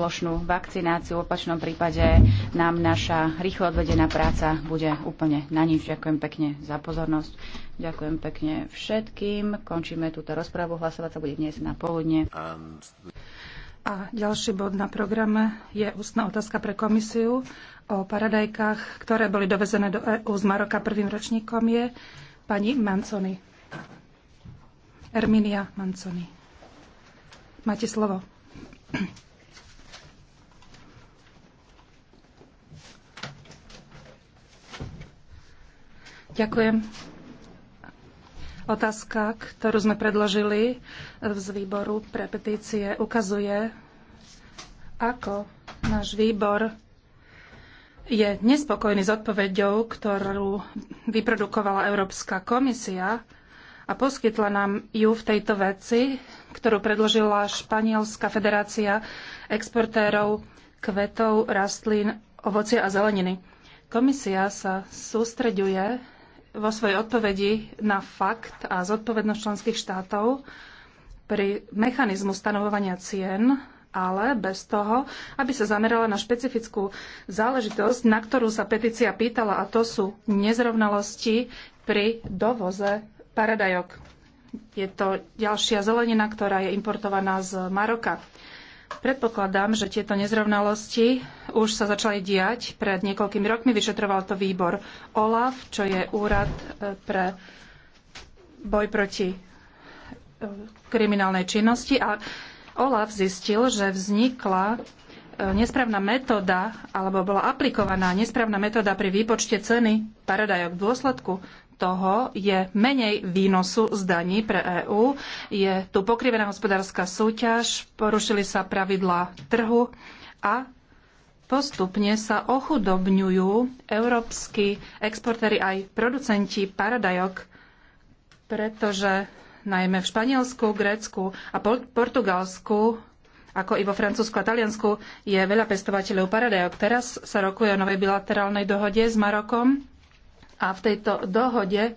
plošnú vakcináciu. V opačnom prípade nám naša rýchlo odvedená práca bude úplne na nič. Ďakujem pekne za pozornosť. Ďakujem pekne všetkým. Končíme túto rozprávu. Hlasovať sa bude dnes na poludne. A ďalší bod na programe je ústna otázka pre komisiu o paradajkách, ktoré boli dovezené do EU z Maroka. Prvým ročníkom je pani Manconi. Erminia Manconi. Máte slovo. Ďakujem. Otázka, ktorú sme predložili z výboru pre petície, ukazuje, ako náš výbor je nespokojný s odpoveďou, ktorú vyprodukovala Európska komisia a poskytla nám ju v tejto veci, ktorú predložila Španielská federácia exportérov kvetov, rastlín, ovocia a zeleniny. Komisia sa sústreďuje vo svojej odpovedi na fakt a zodpovednosť členských štátov pri mechanizmu stanovovania cien, ale bez toho, aby sa zamerala na špecifickú záležitosť, na ktorú sa petícia pýtala, a to sú nezrovnalosti pri dovoze paradajok. Je to ďalšia zelenina, ktorá je importovaná z Maroka. Predpokladám, že tieto nezrovnalosti už sa začali diať pred niekoľkými rokmi. Vyšetroval to výbor OLAF, čo je úrad e, pre boj proti e, kriminálnej činnosti. A OLAF zistil, že vznikla e, nesprávna metóda, alebo bola aplikovaná nesprávna metóda pri výpočte ceny paradajok v dôsledku toho je menej výnosu z daní pre EÚ. Je tu pokrivená hospodárska súťaž, porušili sa pravidlá trhu a postupne sa ochudobňujú európsky exportéry aj producenti paradajok, pretože najmä v Španielsku, Grécku a Portugalsku ako i vo Francúzsku a Taliansku je veľa pestovateľov paradajok. Teraz sa rokuje o novej bilaterálnej dohode s Marokom a v tejto dohode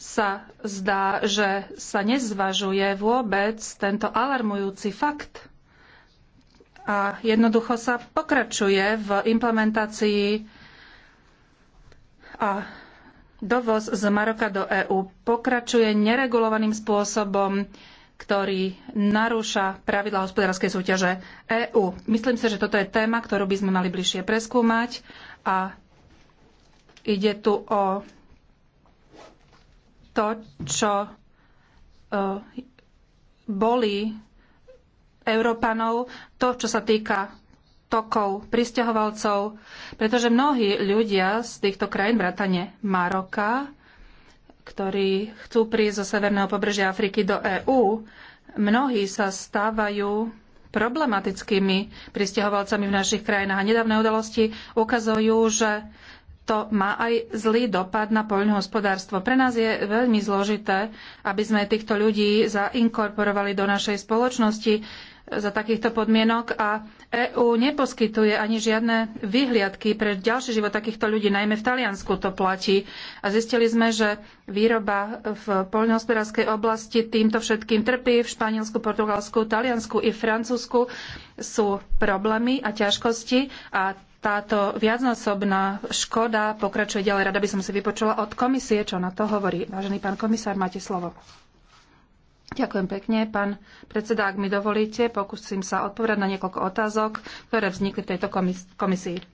sa zdá, že sa nezvažuje vôbec tento alarmujúci fakt. A jednoducho sa pokračuje v implementácii a dovoz z Maroka do EÚ pokračuje neregulovaným spôsobom, ktorý narúša pravidla hospodárskej súťaže EÚ. Myslím si, že toto je téma, ktorú by sme mali bližšie preskúmať a Ide tu o to, čo e, boli Európanov, to, čo sa týka tokov, pristahovalcov, pretože mnohí ľudia z týchto krajín, vrátane Maroka, ktorí chcú prísť zo severného pobrežia Afriky do EÚ, mnohí sa stávajú problematickými pristahovalcami v našich krajinách. A nedávne udalosti ukazujú, že to má aj zlý dopad na poľnohospodárstvo. Pre nás je veľmi zložité, aby sme týchto ľudí zainkorporovali do našej spoločnosti za takýchto podmienok a EÚ neposkytuje ani žiadne vyhliadky pre ďalší život takýchto ľudí, najmä v Taliansku to platí. A zistili sme, že výroba v poľnohospodárskej oblasti týmto všetkým trpí. V Španielsku, Portugalsku, Taliansku i Francúzsku sú problémy a ťažkosti a táto viacnásobná škoda pokračuje ďalej. Rada by som si vypočula od komisie, čo na to hovorí. Vážený pán komisár, máte slovo. Ďakujem pekne, pán predseda. Ak mi dovolíte, pokúsim sa odpovedať na niekoľko otázok, ktoré vznikli v tejto komisii.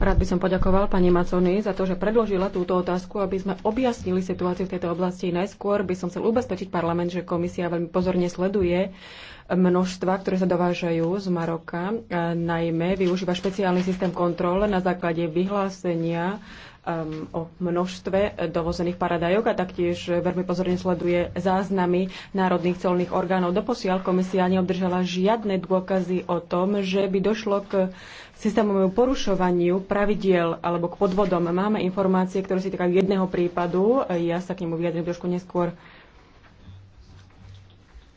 Rád by som poďakoval pani Maconi za to, že predložila túto otázku, aby sme objasnili situáciu v tejto oblasti. Najskôr by som chcel ubezpečiť parlament, že komisia veľmi pozorne sleduje množstva, ktoré sa dovážajú z Maroka. Najmä využíva špeciálny systém kontrol na základe vyhlásenia um, o množstve dovozených paradajok a taktiež veľmi pozorne sleduje záznamy národných celných orgánov. Doposiaľ komisia neobdržala žiadne dôkazy o tom, že by došlo k systémovému porušovaniu pravidiel alebo k podvodom. Máme informácie, ktoré si týkajú jedného prípadu. Ja sa k nemu vyjadrím trošku neskôr.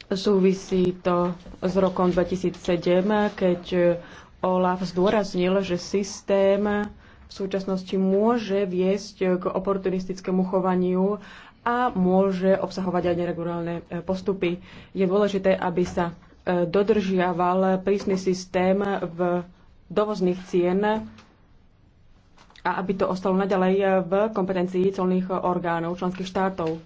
Súvisí to s rokom 2007, keď Olaf zdôraznil, že systém v súčasnosti môže viesť k oportunistickému chovaniu a môže obsahovať aj neregulárne e, postupy. Je dôležité, aby sa e, dodržiaval prísny systém v dovozných cien a aby to ostalo naďalej e, v kompetencii colných orgánov členských štátov.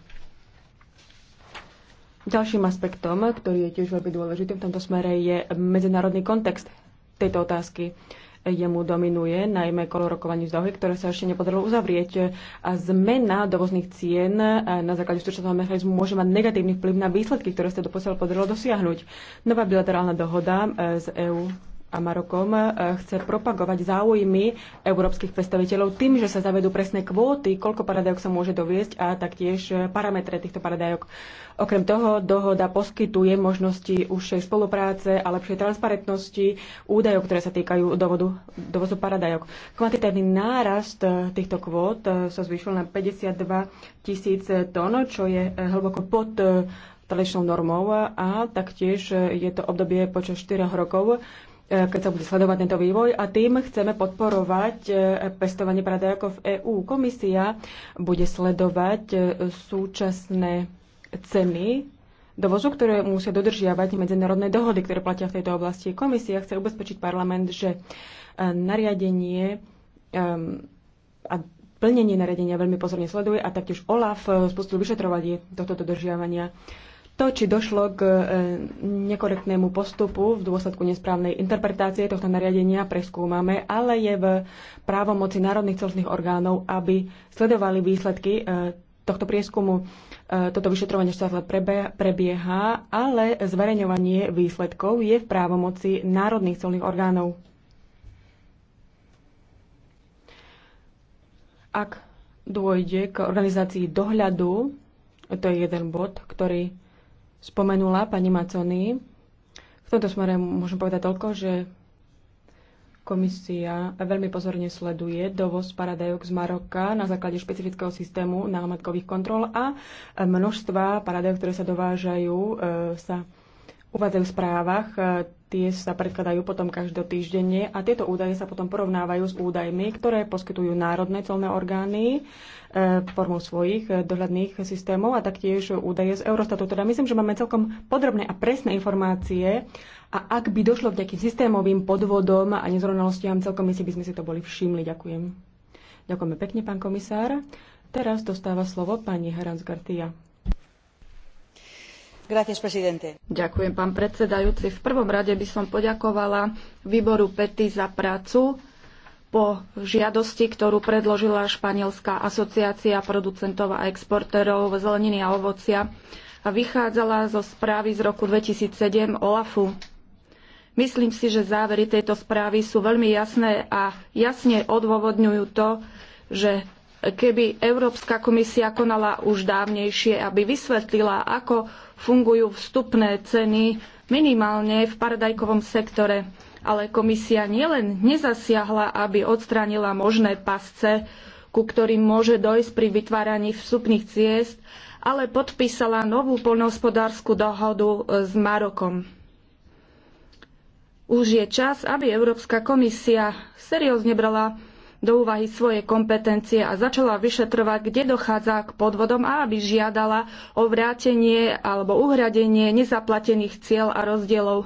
Ďalším aspektom, ktorý je tiež veľmi dôležitý v tomto smere, je medzinárodný kontext tejto otázky jemu dominuje, najmä kolo rokovaní z Dohy, ktoré sa ešte nepodarilo uzavrieť. A zmena dovozných cien e, na základe súčasného mechanizmu môže mať negatívny vplyv na výsledky, ktoré sa doposiaľ podarilo dosiahnuť. Nová bilaterálna dohoda e, z EÚ a Marokom eh, chce propagovať záujmy európskych predstaviteľov tým, že sa zavedú presné kvóty, koľko paradajok sa môže doviesť a taktiež eh, parametre týchto paradajok. Okrem toho, dohoda poskytuje možnosti užšej spolupráce a lepšej transparentnosti údajov, ktoré sa týkajú dovodu, dovozu paradajok. Kvantitívny nárast eh, týchto kvót sa zvyšil na 52 tisíc tón, čo je hlboko pod tradičnou normou a taktiež je to obdobie počas 4 rokov, E, keď sa bude sledovať tento vývoj a tým chceme podporovať e, pestovanie paradajkov v EÚ. Komisia bude sledovať e, súčasné ceny dovozu, ktoré musia dodržiavať medzinárodné dohody, ktoré platia v tejto oblasti. Komisia chce ubezpečiť parlament, že nariadenie a plnenie nariadenia veľmi pozorne sleduje a taktiež OLAF spustil vyšetrovanie tohto dodržiavania. To, či došlo k e, nekorektnému postupu v dôsledku nesprávnej interpretácie tohto nariadenia, preskúmame, ale je v právomoci národných celostných orgánov, aby sledovali výsledky e, tohto prieskumu. E, toto vyšetrovanie štátle prebieha, ale zverejňovanie výsledkov je v právomoci národných celných orgánov. Ak dôjde k organizácii dohľadu, to je jeden bod, ktorý spomenula pani Macony. V tomto smere môžem povedať toľko, že komisia veľmi pozorne sleduje dovoz paradajok z Maroka na základe špecifického systému náhmatkových kontrol a množstva paradajok, ktoré sa dovážajú, e, sa uvádzajú v správach. E, Tie sa predkladajú potom každotýždenne a tieto údaje sa potom porovnávajú s údajmi, ktoré poskytujú národné colné orgány e, formou svojich e, dohľadných systémov a taktiež údaje z Eurostatu. Teda myslím, že máme celkom podrobné a presné informácie a ak by došlo k nejakým systémovým podvodom a nezrovnalostiam, celkom myslím, by sme si to boli všimli. Ďakujem. Ďakujeme pekne, pán komisár. Teraz dostáva slovo pani Heranz Gartia. Ďakujem, pán predsedajúci. V prvom rade by som poďakovala výboru PETI za prácu po žiadosti, ktorú predložila Španielská asociácia producentov a exportérov zeleniny a ovocia a vychádzala zo správy z roku 2007 OLAFu. Myslím si, že závery tejto správy sú veľmi jasné a jasne odôvodňujú to, že keby Európska komisia konala už dávnejšie, aby vysvetlila, ako fungujú vstupné ceny minimálne v paradajkovom sektore. Ale komisia nielen nezasiahla, aby odstránila možné pasce, ku ktorým môže dojsť pri vytváraní vstupných ciest, ale podpísala novú poľnohospodárskú dohodu e, s Marokom. Už je čas, aby Európska komisia seriózne brala do úvahy svoje kompetencie a začala vyšetrovať, kde dochádza k podvodom a aby žiadala o vrátenie alebo uhradenie nezaplatených cieľ a rozdielov.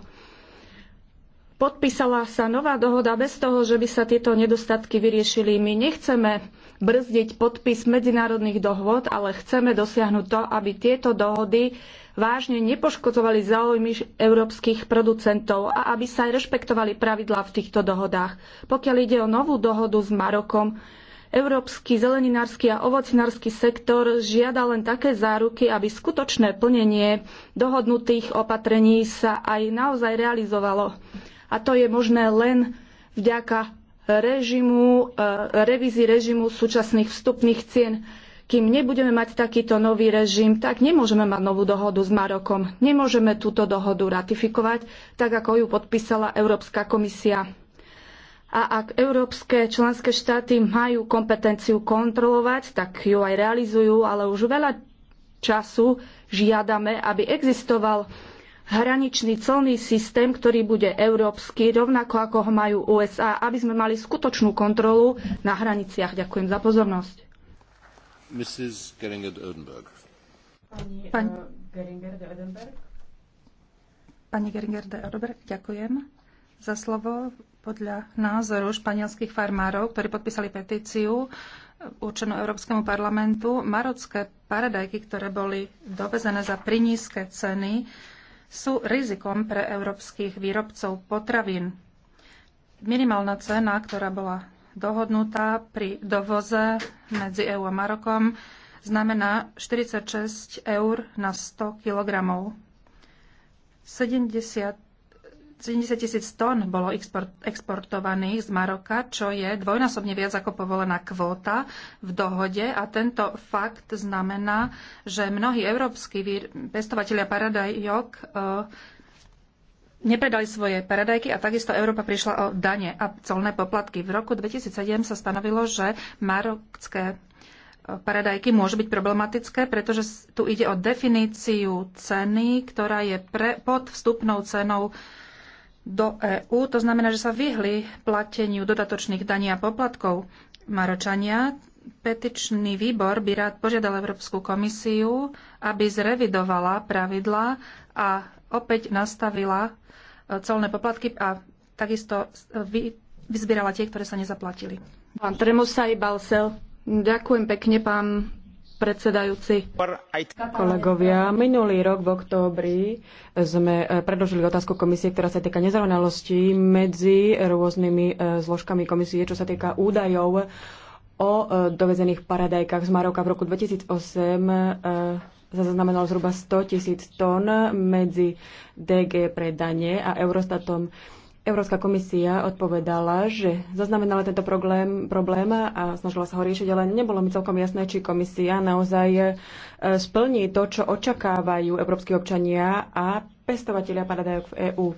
Podpísala sa nová dohoda bez toho, že by sa tieto nedostatky vyriešili. My nechceme brzdiť podpis medzinárodných dohôd, ale chceme dosiahnuť to, aby tieto dohody vážne nepoškodzovali záujmy európskych producentov a aby sa aj rešpektovali pravidlá v týchto dohodách. Pokiaľ ide o novú dohodu s Marokom, Európsky zeleninársky a ovocinársky sektor žiada len také záruky, aby skutočné plnenie dohodnutých opatrení sa aj naozaj realizovalo. A to je možné len vďaka režimu, e, revízii režimu súčasných vstupných cien. Kým nebudeme mať takýto nový režim, tak nemôžeme mať novú dohodu s Marokom. Nemôžeme túto dohodu ratifikovať, tak ako ju podpísala Európska komisia. A ak európske členské štáty majú kompetenciu kontrolovať, tak ju aj realizujú, ale už veľa času žiadame, aby existoval hraničný colný systém, ktorý bude európsky, rovnako ako ho majú USA, aby sme mali skutočnú kontrolu na hraniciach. Ďakujem za pozornosť. Mrs. Geringer de Pani, uh, Geringer de Oedenberg. Pani Geringer de ďakujem za slovo. Podľa názoru španielských farmárov, ktorí podpísali petíciu, eh, určenú Európskemu parlamentu, marocké paradajky, ktoré boli dovezené za prinízke ceny, sú rizikom pre európskych výrobcov potravín. Minimálna cena, ktorá bola dohodnutá pri dovoze medzi EÚ a Marokom, znamená 46 eur na 100 kg. 70 70 tisíc tón bolo exportovaných z Maroka, čo je dvojnásobne viac ako povolená kvóta v dohode a tento fakt znamená, že mnohí európsky pestovatelia paradajok e, nepredali svoje paradajky a takisto Európa prišla o dane a colné poplatky. V roku 2007 sa stanovilo, že marokské e, paradajky môžu byť problematické, pretože tu ide o definíciu ceny, ktorá je pre, pod vstupnou cenou do EÚ. To znamená, že sa vyhli plateniu dodatočných daní a poplatkov Maročania. Petičný výbor by rád požiadal Európsku komisiu, aby zrevidovala pravidla a opäť nastavila e, colné poplatky a takisto e, vyzbierala tie, ktoré sa nezaplatili. Pán Tremosaj Balsel, ďakujem pekne, pán predsedajúci. Kolegovia, minulý rok v októbri sme eh, predložili otázku komisie, ktorá sa týka nezrovnalostí medzi rôznymi eh, zložkami komisie, čo sa týka údajov o eh, dovezených paradajkách z Maroka v roku 2008 sa zaznamenalo zhruba 100 tisíc tón medzi DG pre dane a Eurostatom Európska komisia odpovedala, že zaznamenala tento problém, problém a snažila sa ho riešiť, ale nebolo mi celkom jasné, či komisia naozaj e, splní to, čo očakávajú európsky občania a pestovatelia paradajok v EÚ. E,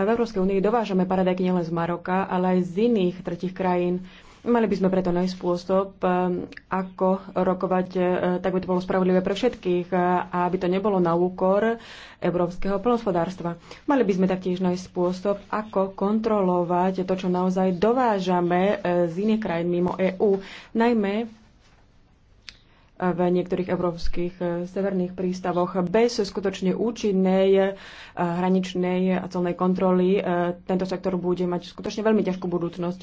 v Európskej únii dovážame paradajky nielen z Maroka, ale aj z iných tretich krajín. Mali by sme preto nájsť spôsob, um, ako rokovať, uh, tak by to bolo spravodlivé pre všetkých uh, a aby to nebolo na úkor európskeho plnospodárstva. Mali by sme taktiež nájsť spôsob, ako kontrolovať to, čo naozaj dovážame uh, z iných krajín mimo EÚ, najmä v niektorých európskych severných prístavoch. Bez skutočne účinnej hraničnej a celnej kontroly tento sektor bude mať skutočne veľmi ťažkú budúcnosť.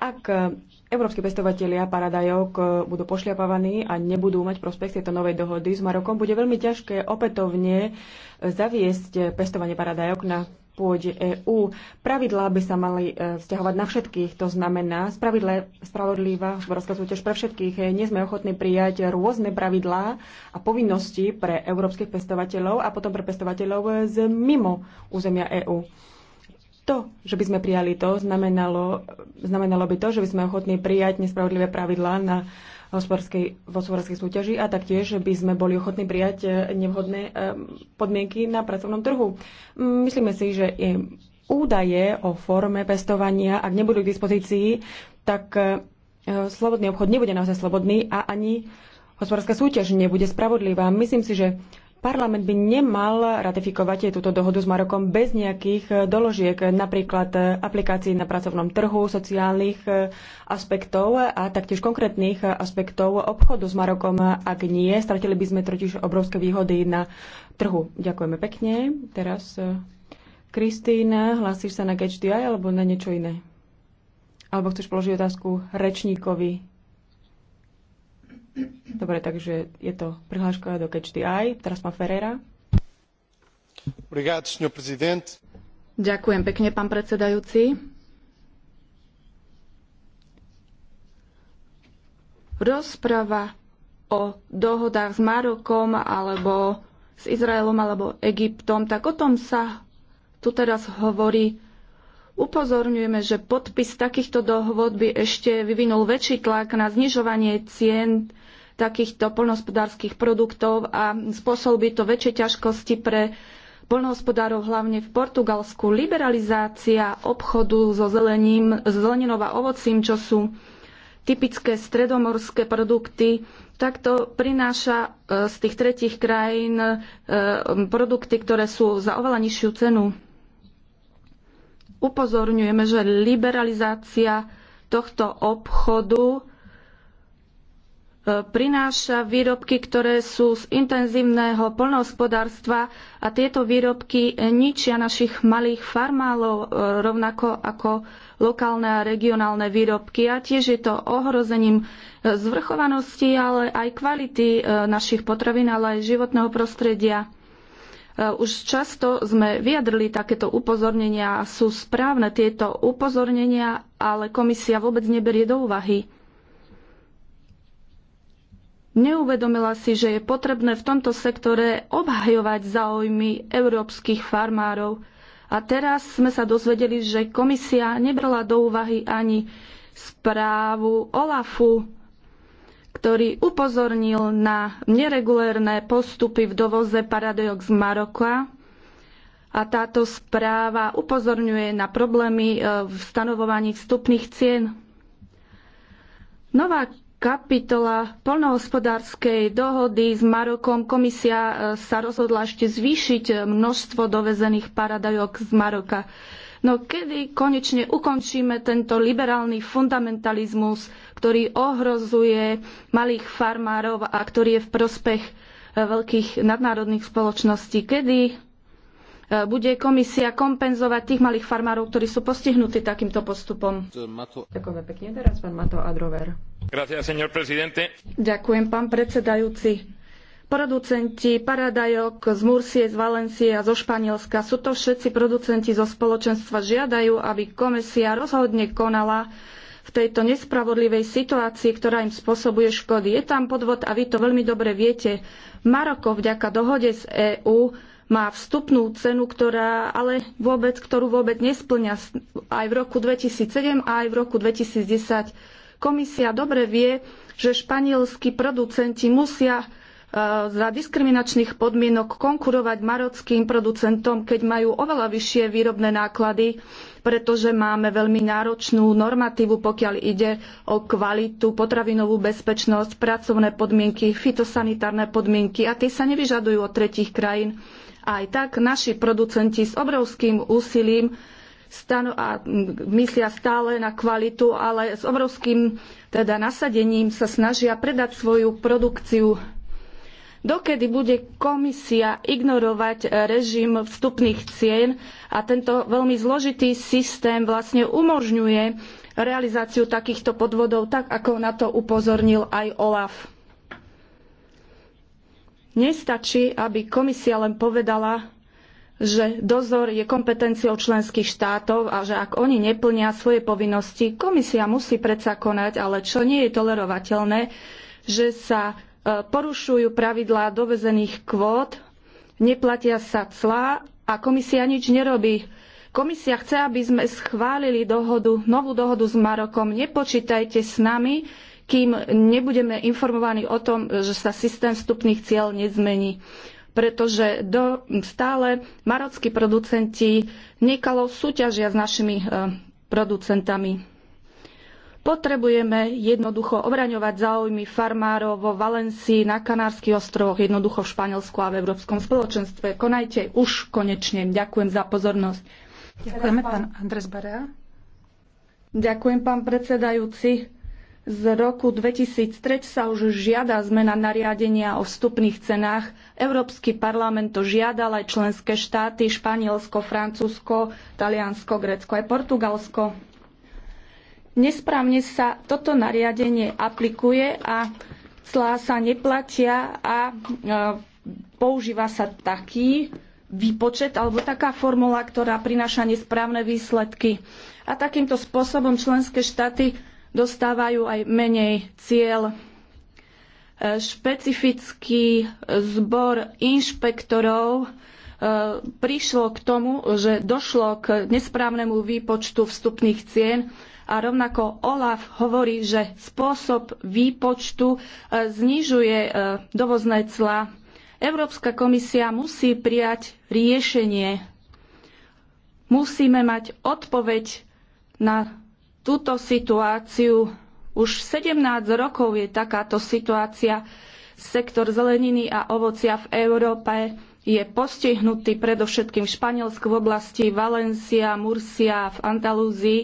Ak eh, európsky pestovatelia paradajok eh, budú pošliapavaní a nebudú mať prospekt tejto novej dohody s Marokom, bude veľmi ťažké opätovne eh, zaviesť pestovanie paradajok na pôde EÚ. Pravidlá by sa mali vzťahovať na všetkých, to znamená spravodlivá hospodárska súťaž pre všetkých. Nie sme ochotní prijať rôzne pravidlá a povinnosti pre európskych pestovateľov a potom pre pestovateľov z mimo územia EÚ. To, že by sme prijali to, znamenalo, znamenalo by to, že by sme ochotní prijať nespravodlivé pravidlá na hospodárskej, v hospodárskej súťaži a taktiež že by sme boli ochotní prijať eh, nevhodné eh, podmienky na pracovnom trhu. Mm, myslíme si, že údaje o forme pestovania, ak nebudú k dispozícii, tak eh, slobodný obchod nebude naozaj slobodný a ani hospodárska súťaž nebude spravodlivá. Myslím si, že Parlament by nemal ratifikovať túto dohodu s Marokom bez nejakých doložiek, napríklad aplikácií na pracovnom trhu, sociálnych eh, aspektov a taktiež konkrétnych aspektov obchodu s Marokom. Ak nie, stratili by sme totiž obrovské výhody na trhu. Ďakujeme pekne. Teraz eh, Kristýna, hlasíš sa na GHDI alebo na niečo iné? Alebo chceš položiť otázku rečníkovi Dobre, takže je to prihláška do Catch the Eye. Teraz pán Ferreira. Obrigado, senhor presidente. Ďakujem pekne, pán predsedajúci. Rozprava o dohodách s Marokom alebo s Izraelom alebo Egyptom, tak o tom sa tu teraz hovorí Upozorňujeme, že podpis takýchto dohôd by ešte vyvinul väčší tlak na znižovanie cien takýchto poľnohospodárskych produktov a spôsobí to väčšie ťažkosti pre poľnohospodárov hlavne v Portugalsku. Liberalizácia obchodu so zelením, zeleninou a ovocím, čo sú typické stredomorské produkty, tak to prináša e, z tých tretich krajín e, produkty, ktoré sú za oveľa nižšiu cenu upozorňujeme, že liberalizácia tohto obchodu e, prináša výrobky, ktoré sú z intenzívneho poľnohospodárstva a tieto výrobky ničia našich malých farmálov e, rovnako ako lokálne a regionálne výrobky a tiež je to ohrozením e, zvrchovanosti, ale aj kvality našich potravín, ale aj životného prostredia. Eh, už často sme vyjadrili takéto upozornenia, sú správne tieto upozornenia, ale komisia vôbec neberie do úvahy. Neuvedomila si, že je potrebné v tomto sektore obhajovať záujmy európskych farmárov. A teraz sme sa dozvedeli, že komisia nebrala do úvahy ani správu OLAFu ktorý upozornil na neregulérne postupy v dovoze paradox z Maroka. A táto správa upozorňuje na problémy e, v stanovovaní vstupných cien. Nová kapitola polnohospodárskej dohody s Marokom komisia e, sa rozhodla ešte zvýšiť množstvo dovezených paradajok z Maroka. No kedy konečne ukončíme tento liberálny fundamentalizmus, ktorý ohrozuje malých farmárov a ktorý je v prospech eh, veľkých nadnárodných spoločností? Kedy eh, bude komisia kompenzovať tých malých farmárov, ktorí sú postihnutí takýmto postupom. Ďakujeme pekne. Teraz pán Mato Adrover. Gracias, Ďakujem, pán predsedajúci Producenti paradajok z Mursie, z Valencie a zo Španielska sú to všetci producenti zo spoločenstva žiadajú, aby komisia rozhodne konala v tejto nespravodlivej situácii, ktorá im spôsobuje škody. Je tam podvod a vy to veľmi dobre viete. Maroko vďaka dohode z EÚ má vstupnú cenu, ktorá ale vôbec, ktorú vôbec nesplňa aj v roku 2007 a aj v roku 2010. Komisia dobre vie, že španielskí producenti musia Eh, za diskriminačných podmienok konkurovať marockým producentom, keď majú oveľa vyššie výrobné náklady, pretože máme veľmi náročnú normatívu, pokiaľ ide o kvalitu, potravinovú bezpečnosť, pracovné podmienky, fitosanitárne podmienky a tie sa nevyžadujú od tretich krajín. Aj tak naši producenti s obrovským úsilím stano- a myslia stále na kvalitu, ale s obrovským teda nasadením sa snažia predať svoju produkciu Dokedy bude komisia ignorovať eh, režim vstupných cien a tento veľmi zložitý systém vlastne umožňuje realizáciu takýchto podvodov, tak ako na to upozornil aj OLAF. Nestačí, aby komisia len povedala, že dozor je kompetenciou členských štátov a že ak oni neplnia svoje povinnosti, komisia musí predsa konať, ale čo nie je tolerovateľné, že sa porušujú pravidlá dovezených kvót, neplatia sa clá a komisia nič nerobí. Komisia chce, aby sme schválili dohodu, novú dohodu s Marokom. Nepočítajte s nami, kým nebudeme informovaní o tom, že sa systém vstupných cieľ nezmení pretože do, stále marockí producenti nekalo súťažia s našimi eh, producentami. Potrebujeme jednoducho obraňovať záujmy farmárov vo Valencii, na Kanárskych ostrovoch, jednoducho v Španielsku a v Európskom spoločenstve. Konajte už konečne. Ďakujem za pozornosť. Ďakujeme, pán Andres Barea. Ďakujem, pán predsedajúci. Z roku 2003 sa už žiada zmena nariadenia o vstupných cenách. Európsky parlament to žiadal aj členské štáty Španielsko, Francúzsko, Taliansko, Grécko aj Portugalsko nesprávne sa toto nariadenie aplikuje a clá sa neplatia a e, používa sa taký výpočet alebo taká formula, ktorá prináša nesprávne výsledky. A takýmto spôsobom členské štáty dostávajú aj menej cieľ. E, špecifický zbor inšpektorov e, prišlo k tomu, že došlo k nesprávnemu výpočtu vstupných cien a rovnako OLAF hovorí, že spôsob výpočtu e, znižuje e, dovozné cla. Európska komisia musí prijať riešenie. Musíme mať odpoveď na túto situáciu. Už 17 rokov je takáto situácia. Sektor zeleniny a ovocia v Európe je postihnutý predovšetkým v Španielsku v oblasti Valencia, Murcia, v Andalúzii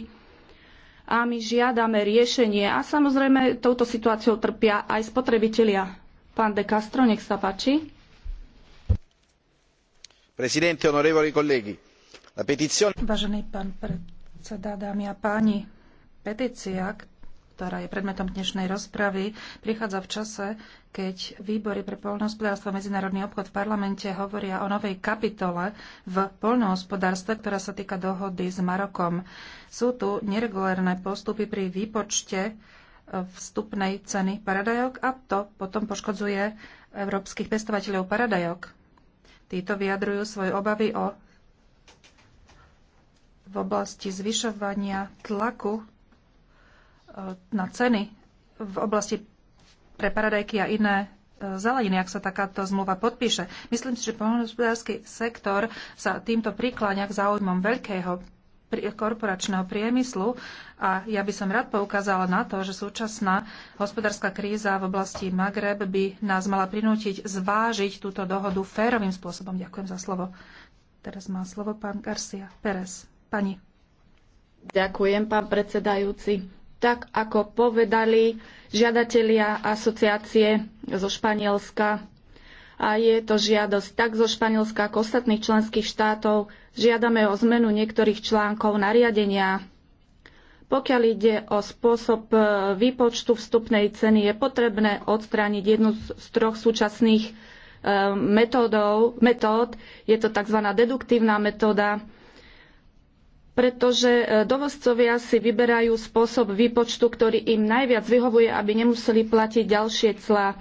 a my žiadame riešenie. A samozrejme, touto situáciou trpia aj spotrebitelia. Pán De Castro, nech sa páči. Presidente, onorevoli colleghi, la petizione... Vážený pán predseda, dámy a páni, petícia, ktorá je predmetom dnešnej rozpravy, prichádza v čase, keď výbory pre poľnohospodárstvo a medzinárodný obchod v parlamente hovoria o novej kapitole v poľnohospodárstve, ktorá sa týka dohody s Marokom. Sú tu neregulárne postupy pri výpočte e, vstupnej ceny paradajok a to potom poškodzuje európskych pestovateľov paradajok. Títo vyjadrujú svoje obavy o v oblasti zvyšovania tlaku na ceny v oblasti pre paradajky a iné e, zeleniny, ak sa takáto zmluva podpíše. Myslím si, že poľnohospodársky sektor sa týmto prikláňa k záujmom veľkého korporačného priemyslu a ja by som rád poukázala na to, že súčasná hospodárska kríza v oblasti Magreb by nás mala prinútiť zvážiť túto dohodu férovým spôsobom. Ďakujem za slovo. Teraz má slovo pán Garcia Pérez. Pani. Ďakujem, pán predsedajúci tak ako povedali žiadatelia asociácie zo Španielska. A je to žiadosť tak zo Španielska ako ostatných členských štátov. Žiadame o zmenu niektorých článkov nariadenia. Pokiaľ ide o spôsob e, výpočtu vstupnej ceny, je potrebné odstrániť jednu z troch súčasných e, metódov, metód. Je to tzv. deduktívna metóda, pretože e, dovozcovia si vyberajú spôsob výpočtu, ktorý im najviac vyhovuje, aby nemuseli platiť ďalšie clá.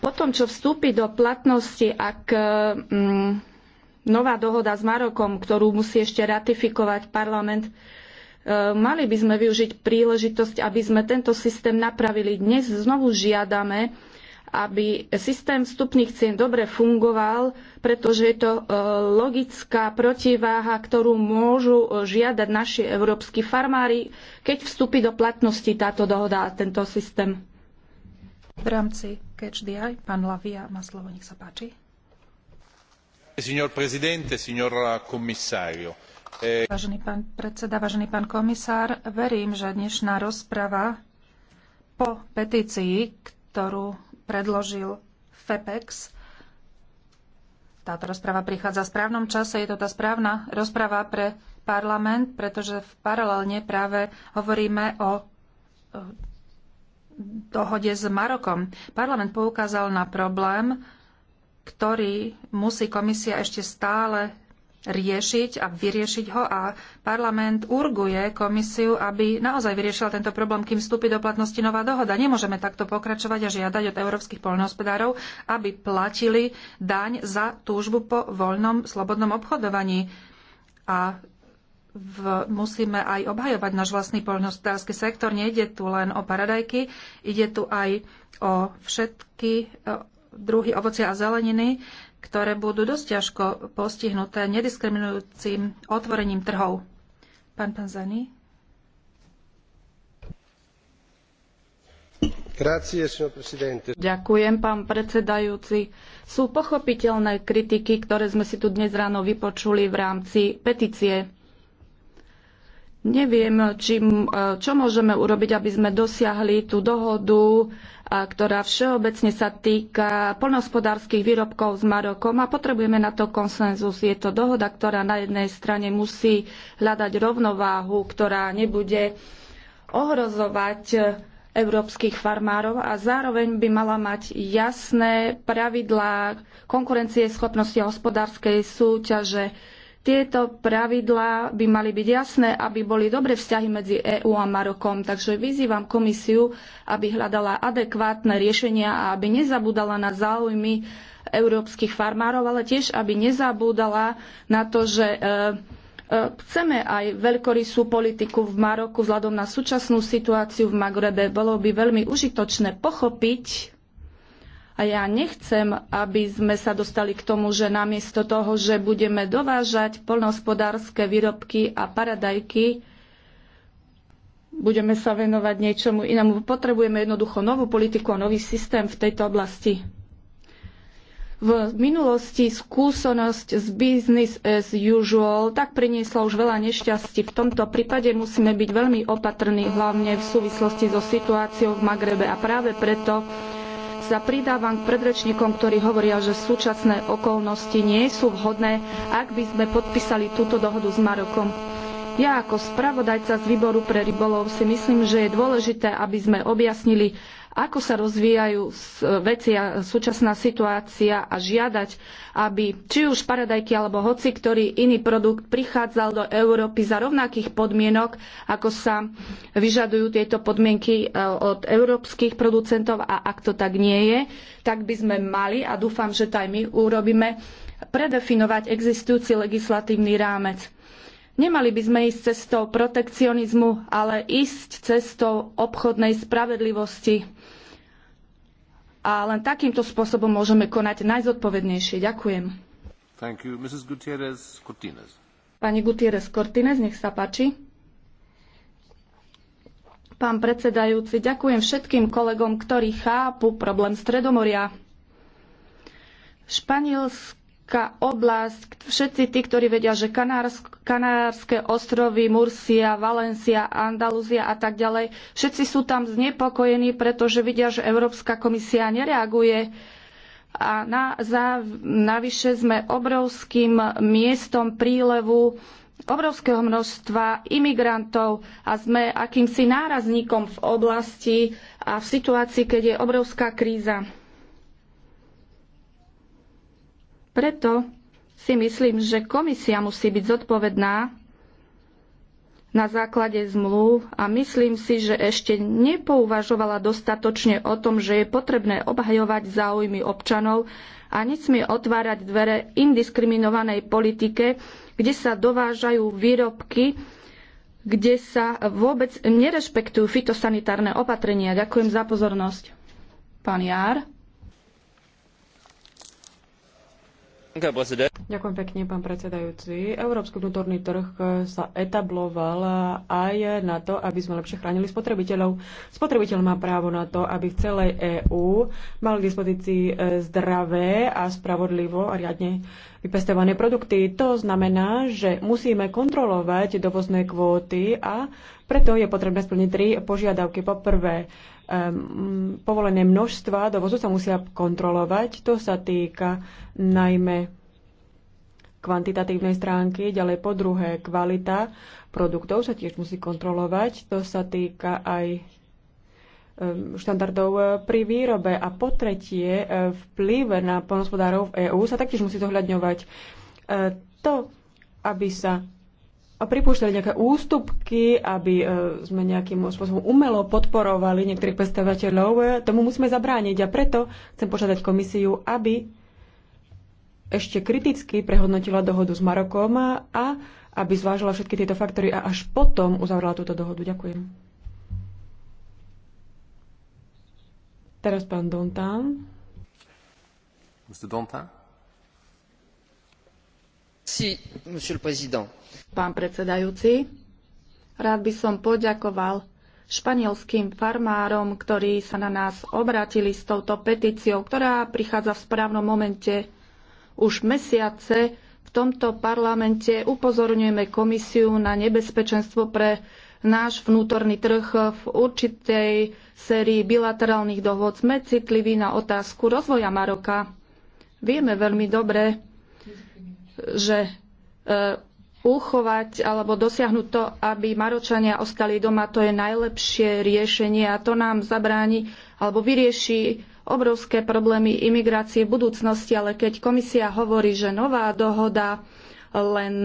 Potom, čo vstúpi do platnosti, ak mm, nová dohoda s Marokom, ktorú musí ešte ratifikovať parlament, e, mali by sme využiť príležitosť, aby sme tento systém napravili. Dnes znovu žiadame, aby systém vstupných cien dobre fungoval, pretože je to e, logická protiváha, ktorú môžu e, žiadať naši európsky farmári, keď vstúpi do platnosti táto dohoda a tento systém. V rámci pán Lavia má slovo, nech sa páči. Signor Presidente, signor Commissario. Eh, vážený pán predseda, vážený pán komisár, verím, že dnešná rozprava po petícii, ktorú predložil FEPEX. Táto rozpráva prichádza v správnom čase. Je to tá správna rozpráva pre parlament, pretože v paralelne práve hovoríme o dohode s Marokom. Parlament poukázal na problém, ktorý musí komisia ešte stále riešiť a vyriešiť ho a parlament urguje komisiu, aby naozaj vyriešila tento problém, kým vstúpi do platnosti nová dohoda. Nemôžeme takto pokračovať a žiadať od európskych poľnohospodárov, aby platili daň za túžbu po voľnom slobodnom obchodovaní. A v, musíme aj obhajovať náš vlastný poľnohospodársky sektor. Nejde tu len o paradajky, ide tu aj o všetky druhy ovocia a zeleniny, ktoré budú dosť ťažko postihnuté nediskriminujúcim otvorením trhov. Pán Panzani. Ďakujem, pán predsedajúci. Sú pochopiteľné kritiky, ktoré sme si tu dnes ráno vypočuli v rámci petície. Neviem, či, čo môžeme urobiť, aby sme dosiahli tú dohodu ktorá všeobecne sa týka poľnohospodárskych výrobkov s Marokom a potrebujeme na to konsenzus. Je to dohoda, ktorá na jednej strane musí hľadať rovnováhu, ktorá nebude ohrozovať európskych farmárov a zároveň by mala mať jasné pravidlá konkurencie schopnosti a hospodárskej súťaže. Tieto pravidlá by mali byť jasné, aby boli dobre vzťahy medzi EÚ a Marokom. Takže vyzývam komisiu, aby hľadala adekvátne riešenia a aby nezabúdala na záujmy európskych farmárov, ale tiež, aby nezabúdala na to, že e, e Chceme aj veľkorysú politiku v Maroku vzhľadom na súčasnú situáciu v Magrebe. Bolo by veľmi užitočné pochopiť a ja nechcem, aby sme sa dostali k tomu, že namiesto toho, že budeme dovážať polnohospodárske výrobky a paradajky, budeme sa venovať niečomu inému. Potrebujeme jednoducho novú politiku a nový systém v tejto oblasti. V minulosti skúsenosť z business as usual tak priniesla už veľa nešťastí. V tomto prípade musíme byť veľmi opatrní, hlavne v súvislosti so situáciou v Magrebe. A práve preto sa pridávam k predrečníkom, ktorí hovoria, že súčasné okolnosti nie sú vhodné, ak by sme podpísali túto dohodu s Marokom. Ja ako spravodajca z výboru pre rybolov si myslím, že je dôležité, aby sme objasnili, ako sa rozvíjajú e, veci a súčasná situácia a žiadať, aby či už paradajky alebo hoci ktorý iný produkt prichádzal do Európy za rovnakých podmienok, ako sa vyžadujú tieto podmienky e, od európskych producentov a ak to tak nie je, tak by sme mali a dúfam, že to aj my urobíme, predefinovať existujúci legislatívny rámec Nemali by sme ísť cestou protekcionizmu, ale ísť cestou obchodnej spravedlivosti. A len takýmto spôsobom môžeme konať najzodpovednejšie. Ďakujem. Thank you. Mrs. Gutierrez Cortines. Pani Gutierrez Cortines, nech sa páči. Pán predsedajúci, ďakujem všetkým kolegom, ktorí chápu problém Stredomoria. Španielsko Kanárska oblasť, všetci tí, ktorí vedia, že Kanársk, Kanárske ostrovy, Mursia, Valencia, Andalúzia a tak ďalej, všetci sú tam znepokojení, pretože vidia, že Európska komisia nereaguje. A na, za, navyše sme obrovským miestom prílevu obrovského množstva imigrantov a sme akýmsi nárazníkom v oblasti a v situácii, keď je obrovská kríza. Preto si myslím, že komisia musí byť zodpovedná na základe zmluv a myslím si, že ešte nepouvažovala dostatočne o tom, že je potrebné obhajovať záujmy občanov a nesmie otvárať dvere indiskriminovanej politike, kde sa dovážajú výrobky, kde sa vôbec nerešpektujú fitosanitárne opatrenia. Ďakujem za pozornosť. Pán Jár. Ďakujem pekne, pán predsedajúci. Európsky vnútorný trh eh, sa etabloval eh, aj na to, aby sme lepšie chránili spotrebiteľov. Spotrebiteľ má právo na to, aby v celej EÚ mal k dispozícii eh, zdravé a spravodlivo a riadne vypestované produkty. To znamená, že musíme kontrolovať dovozné kvóty a preto je potrebné splniť tri požiadavky. Po prvé, um, povolené množstva dovozu sa musia kontrolovať. To sa týka najmä kvantitatívnej stránky, ďalej po druhé kvalita produktov sa tiež musí kontrolovať. To sa týka aj ehm, štandardov eh, pri výrobe. A po tretie, eh, vplyv na ponospodárov v EÚ sa taktiež musí zohľadňovať. Eh, to, aby sa a pripúšťali nejaké ústupky, aby e, sme nejakým spôsobom umelo podporovali niektorých predstavateľov, e, tomu musíme zabrániť. A preto chcem požiadať komisiu, aby ešte kriticky prehodnotila dohodu s Marokom a aby zvážila všetky tieto faktory a až potom uzavrela túto dohodu. Ďakujem. Teraz pán Dontán. Mr. Dontan? Pán predsedajúci, rád by som poďakoval španielským farmárom, ktorí sa na nás obratili s touto petíciou, ktorá prichádza v správnom momente. Už mesiace v tomto parlamente upozorňujeme komisiu na nebezpečenstvo pre náš vnútorný trh v určitej sérii bilaterálnych dohod. Sme citliví na otázku rozvoja Maroka. Vieme veľmi dobre, že e, uchovať alebo dosiahnuť to, aby Maročania ostali doma, to je najlepšie riešenie a to nám zabráni alebo vyrieši obrovské problémy imigrácie v budúcnosti, ale keď komisia hovorí, že nová dohoda len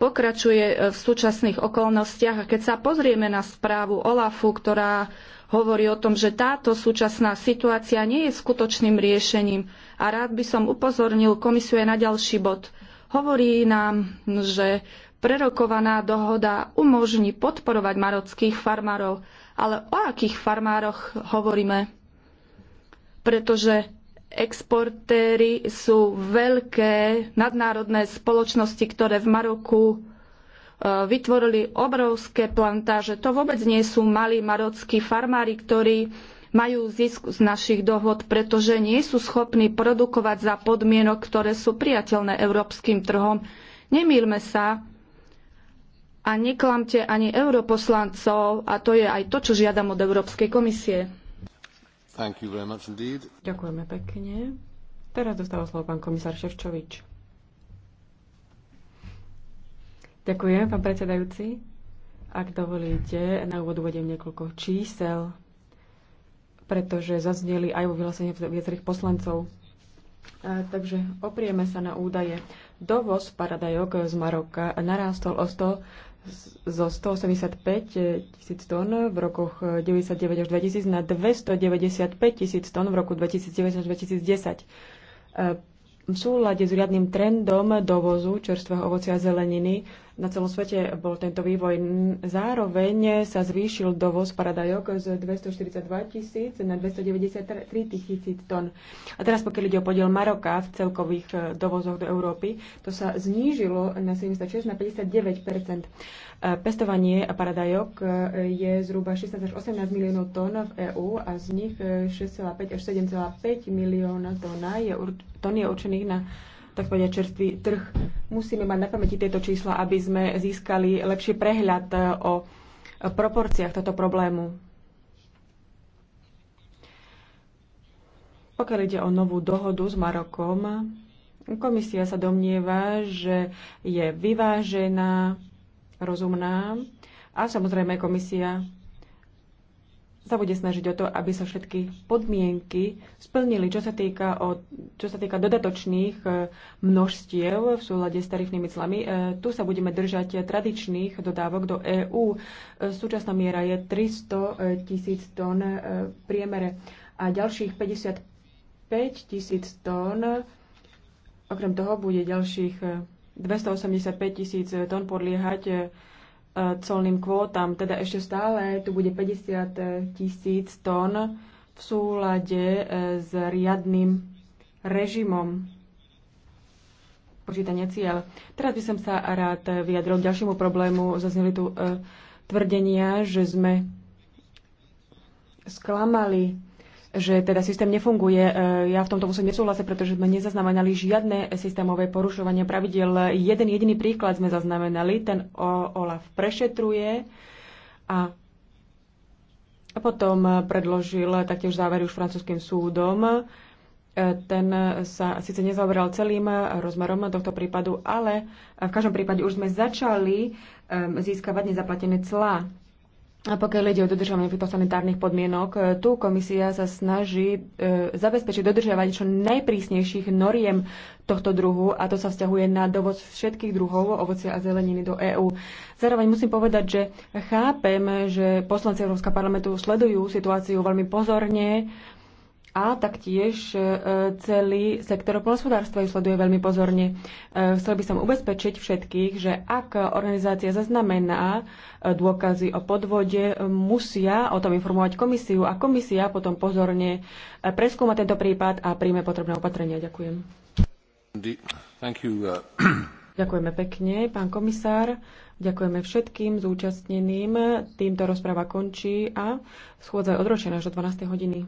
pokračuje e, v súčasných okolnostiach. A keď sa pozrieme na správu OLAFu, ktorá hovorí o tom, že táto súčasná situácia nie je skutočným riešením. A rád by som upozornil komisiu aj na ďalší bod. Hovorí nám, že prerokovaná dohoda umožní podporovať marockých farmárov. Ale o akých farmároch hovoríme? Pretože exportéry sú veľké nadnárodné spoločnosti, ktoré v Maroku e, vytvorili obrovské plantáže. To vôbec nie sú malí marockí farmári, ktorí majú zisk z našich dohod, pretože nie sú schopní produkovať za podmienok, ktoré sú priateľné európskym trhom. Nemýlme sa a neklamte ani europoslancov, a to je aj to, čo žiadam od Európskej komisie. Ďakujeme pekne. Teraz dostáva slovo pán komisár Ševčovič. Ďakujem, pán predsedajúci. Ak dovolíte, na úvod uvediem niekoľko čísel, pretože zazneli aj vo vyhlásení viacerých poslancov. A, takže oprieme sa na údaje. Dovoz paradajok z Maroka narástol o 100 zo 185 tisíc tón v rokoch 99 až 2000 na 295 tisíc tón v roku 2009 až 2010. E, v súlade s riadnym trendom dovozu čerstvého ovocia a zeleniny na celom svete bol tento vývoj. Zároveň sa zvýšil dovoz paradajok z 242 tisíc na 293 tisíc tón. A teraz pokiaľ ide o podiel Maroka v celkových e, dovozoch do Európy, to sa znížilo na 76 na 59 e, Pestovanie paradajok e, je zhruba 16 až 18 miliónov tón v EÚ a z nich 6,5 až 7,5 milióna tón je, tón je určených na tak povedia čerstvý trh. Musíme mať na pamäti tieto čísla, aby sme získali lepší prehľad e, o proporciách tohto problému. Pokiaľ ide o novú dohodu s Marokom, komisia sa domnieva, že je vyvážená, rozumná a samozrejme komisia sa bude snažiť o to, aby sa všetky podmienky splnili, čo sa týka, o, čo sa týka dodatočných e, množstiev v súlade s tarifnými clami. E, tu sa budeme držať tradičných dodávok do EÚ. E, súčasná miera je 300 tisíc tón v priemere a ďalších 55 tisíc tón. Okrem toho bude ďalších 285 tisíc tón podliehať colným kvótam. Teda ešte stále tu bude 50 tisíc tón v súlade e, s riadným režimom počítania cieľ. Teraz by som sa rád vyjadril k ďalšiemu problému. Zazneli tu e, tvrdenia, že sme sklamali že teda systém nefunguje. E, ja v tomto musím nesúhlasiť, pretože sme nezaznamenali žiadne systémové porušovanie pravidel. Jeden jediný príklad sme zaznamenali, ten OLAF prešetruje a potom predložil taktiež závery už francúzským súdom. E, ten sa síce nezaoberal celým rozmerom tohto prípadu, ale v každom prípade už sme začali e, získavať nezaplatené clá a pokiaľ ide o dodržovanie fitosanitárnych podmienok, e, tu komisia sa snaží e, zabezpečiť dodržiavanie čo najprísnejších noriem tohto druhu a to sa vzťahuje na dovoz všetkých druhov ovocia a zeleniny do EÚ. Zároveň musím povedať, že chápem, že poslanci Európskeho parlamentu sledujú situáciu veľmi pozorne a taktiež e, celý sektor polospodárstva ju sleduje veľmi pozorne. E, chcel by som ubezpečiť všetkých, že ak organizácia zaznamená e, dôkazy o podvode, musia o tom informovať komisiu a komisia potom pozorne preskúma tento prípad a príjme potrebné opatrenia. Ďakujem. Uh, Ďakujeme pekne, pán komisár. Ďakujeme všetkým zúčastneným. Týmto rozpráva končí a schôdza je odročená až do 12. hodiny.